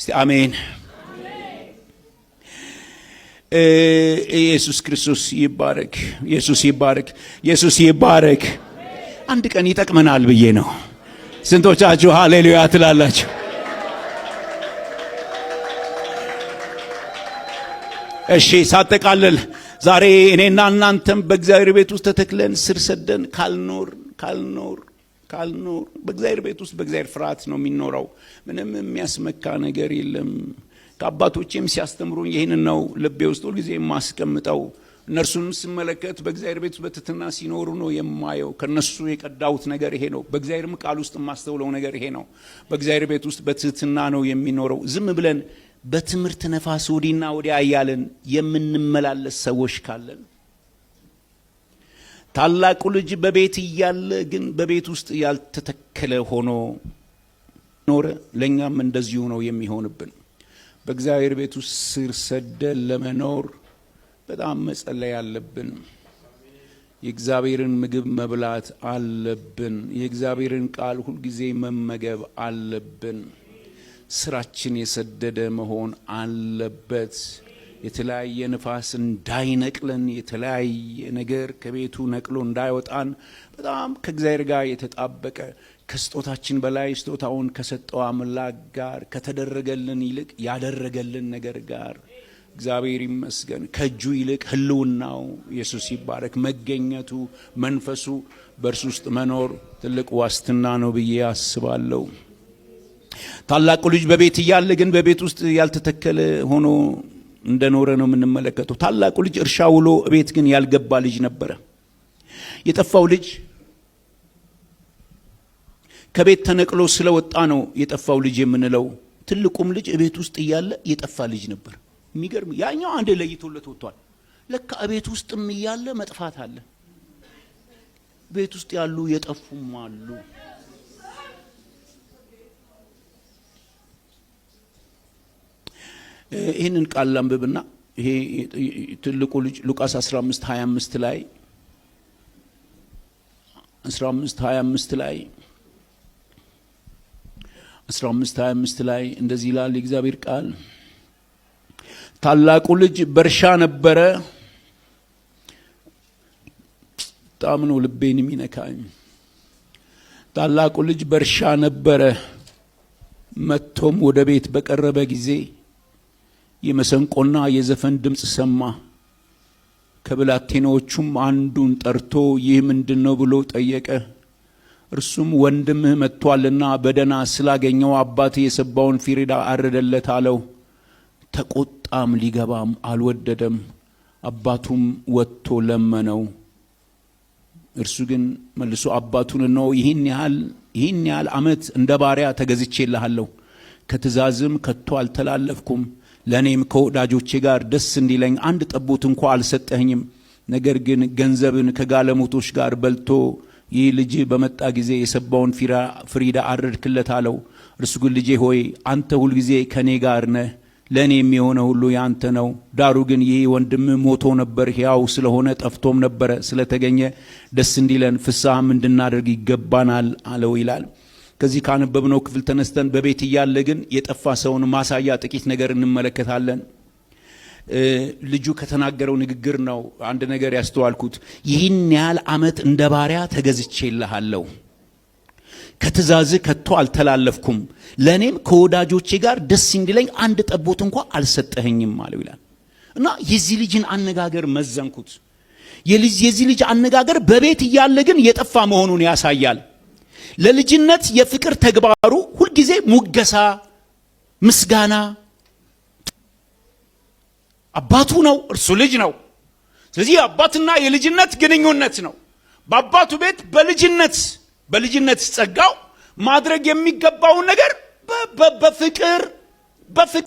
እስቲ አሜን። ኢየሱስ ክርስቶስ ይባረክ። ኢየሱስ ይባረክ። ኢየሱስ ይባረክ። አንድ ቀን ይጠቅመናል ብዬ ነው። ስንቶቻችሁ ሃሌሉያ ትላላችሁ? እሺ፣ ሳጠቃለል ዛሬ እኔና እናንተም በእግዚአብሔር ቤት ውስጥ ተተክለን ስር ሰደን ካልኖር ካልኖር ካልኖር በእግዚአብሔር ቤት ውስጥ በእግዚአብሔር ፍርሃት ነው የሚኖረው። ምንም የሚያስመካ ነገር የለም። ከአባቶቼም ሲያስተምሩኝ ይህንን ነው ልቤ ውስጥ ሁልጊዜ የማስቀምጠው። እነርሱንም ስመለከት በእግዚአብሔር ቤት ውስጥ በትትና ሲኖሩ ነው የማየው። ከነሱ የቀዳሁት ነገር ይሄ ነው። በእግዚአብሔርም ቃል ውስጥ የማስተውለው ነገር ይሄ ነው። በእግዚአብሔር ቤት ውስጥ በትህትና ነው የሚኖረው። ዝም ብለን በትምህርት ነፋስ ወዲና ወዲያ እያለን የምንመላለስ ሰዎች ካለን ታላቁ ልጅ በቤት እያለ ግን በቤት ውስጥ ያልተተከለ ሆኖ ኖረ። ለእኛም እንደዚሁ ነው የሚሆንብን። በእግዚአብሔር ቤት ውስጥ ስር ሰደን ለመኖር በጣም መጸለይ አለብን። የእግዚአብሔርን ምግብ መብላት አለብን። የእግዚአብሔርን ቃል ሁልጊዜ መመገብ አለብን። ስራችን የሰደደ መሆን አለበት። የተለያየ ንፋስ እንዳይነቅለን የተለያየ ነገር ከቤቱ ነቅሎ እንዳይወጣን በጣም ከእግዚአብሔር ጋር የተጣበቀ ከስጦታችን በላይ ስጦታውን ከሰጠው አምላክ ጋር ከተደረገልን ይልቅ ያደረገልን ነገር ጋር እግዚአብሔር ይመስገን። ከእጁ ይልቅ ህልውናው ኢየሱስ ይባረክ። መገኘቱ፣ መንፈሱ በእርሱ ውስጥ መኖር ትልቅ ዋስትና ነው ብዬ አስባለሁ። ታላቁ ልጅ በቤት እያለ ግን በቤት ውስጥ ያልተተከለ ሆኖ እንደኖረ ነው የምንመለከተው። ታላቁ ልጅ እርሻ ውሎ ቤት ግን ያልገባ ልጅ ነበረ። የጠፋው ልጅ ከቤት ተነቅሎ ስለወጣ ነው የጠፋው ልጅ የምንለው። ትልቁም ልጅ እቤት ውስጥ እያለ የጠፋ ልጅ ነበር። የሚገርም ያኛው አንዴ ለይቶለት ወጥቷል። ለካ እቤት ውስጥም እያለ መጥፋት አለ። ቤት ውስጥ ያሉ የጠፉም አሉ። ይህንን ቃል ላንብብና ይሄ ትልቁ ልጅ ሉቃስ 15 25 ላይ 15 25 ላይ 15 25 ላይ እንደዚህ ይላል የእግዚአብሔር ቃል። ታላቁ ልጅ በእርሻ ነበረ። በጣም ነው ልቤን የሚነካኝ። ታላቁ ልጅ በእርሻ ነበረ። መጥቶም ወደ ቤት በቀረበ ጊዜ የመሰንቆና የዘፈን ድምፅ ሰማ። ከብላቴናዎቹም አንዱን ጠርቶ ይህ ምንድን ነው ብሎ ጠየቀ። እርሱም ወንድምህ መጥቷልና በደና ስላገኘው አባት የሰባውን ፊሪዳ አረደለት አለው። ተቆጣም፣ ሊገባም አልወደደም። አባቱም ወጥቶ ለመነው። እርሱ ግን መልሶ አባቱን ነው ይህን ያህል ይህን ያህል ዓመት እንደ ባሪያ ተገዝቼልሃለሁ፣ ከትእዛዝም ከቶ አልተላለፍኩም ለእኔም ከወዳጆቼ ጋር ደስ እንዲለኝ አንድ ጠቦት እንኳ አልሰጠኸኝም። ነገር ግን ገንዘብን ከጋለሞቶች ጋር በልቶ ይህ ልጅ በመጣ ጊዜ የሰባውን ፍሪዳ አረድክለት አለው። እርሱ ግን ልጄ ሆይ አንተ ሁልጊዜ ከእኔ ጋር ነህ፣ ለእኔ የሚሆነ ሁሉ ያንተ ነው። ዳሩ ግን ይህ ወንድም ሞቶ ነበር፣ ሕያው ስለሆነ ጠፍቶም ነበረ ስለተገኘ ደስ እንዲለን ፍስሐም እንድናደርግ ይገባናል አለው ይላል። ከዚህ ካነበብነው ክፍል ተነስተን በቤት እያለ ግን የጠፋ ሰውን ማሳያ ጥቂት ነገር እንመለከታለን። ልጁ ከተናገረው ንግግር ነው አንድ ነገር ያስተዋልኩት። ይህን ያህል ዓመት እንደ ባሪያ ተገዝቼልሃለሁ፣ ከትዛዝ ከቶ አልተላለፍኩም፣ ለእኔም ከወዳጆቼ ጋር ደስ እንዲለኝ አንድ ጠቦት እንኳ አልሰጠኸኝም አለው ይላል እና የዚህ ልጅን አነጋገር መዘንኩት። የዚህ ልጅ አነጋገር በቤት እያለ ግን የጠፋ መሆኑን ያሳያል። ለልጅነት የፍቅር ተግባሩ ሁልጊዜ ሙገሳ፣ ምስጋና አባቱ ነው፣ እርሱ ልጅ ነው። ስለዚህ የአባትና የልጅነት ግንኙነት ነው። በአባቱ ቤት በልጅነት በልጅነት ጸጋው ማድረግ የሚገባውን ነገር በፍቅር በፍቅር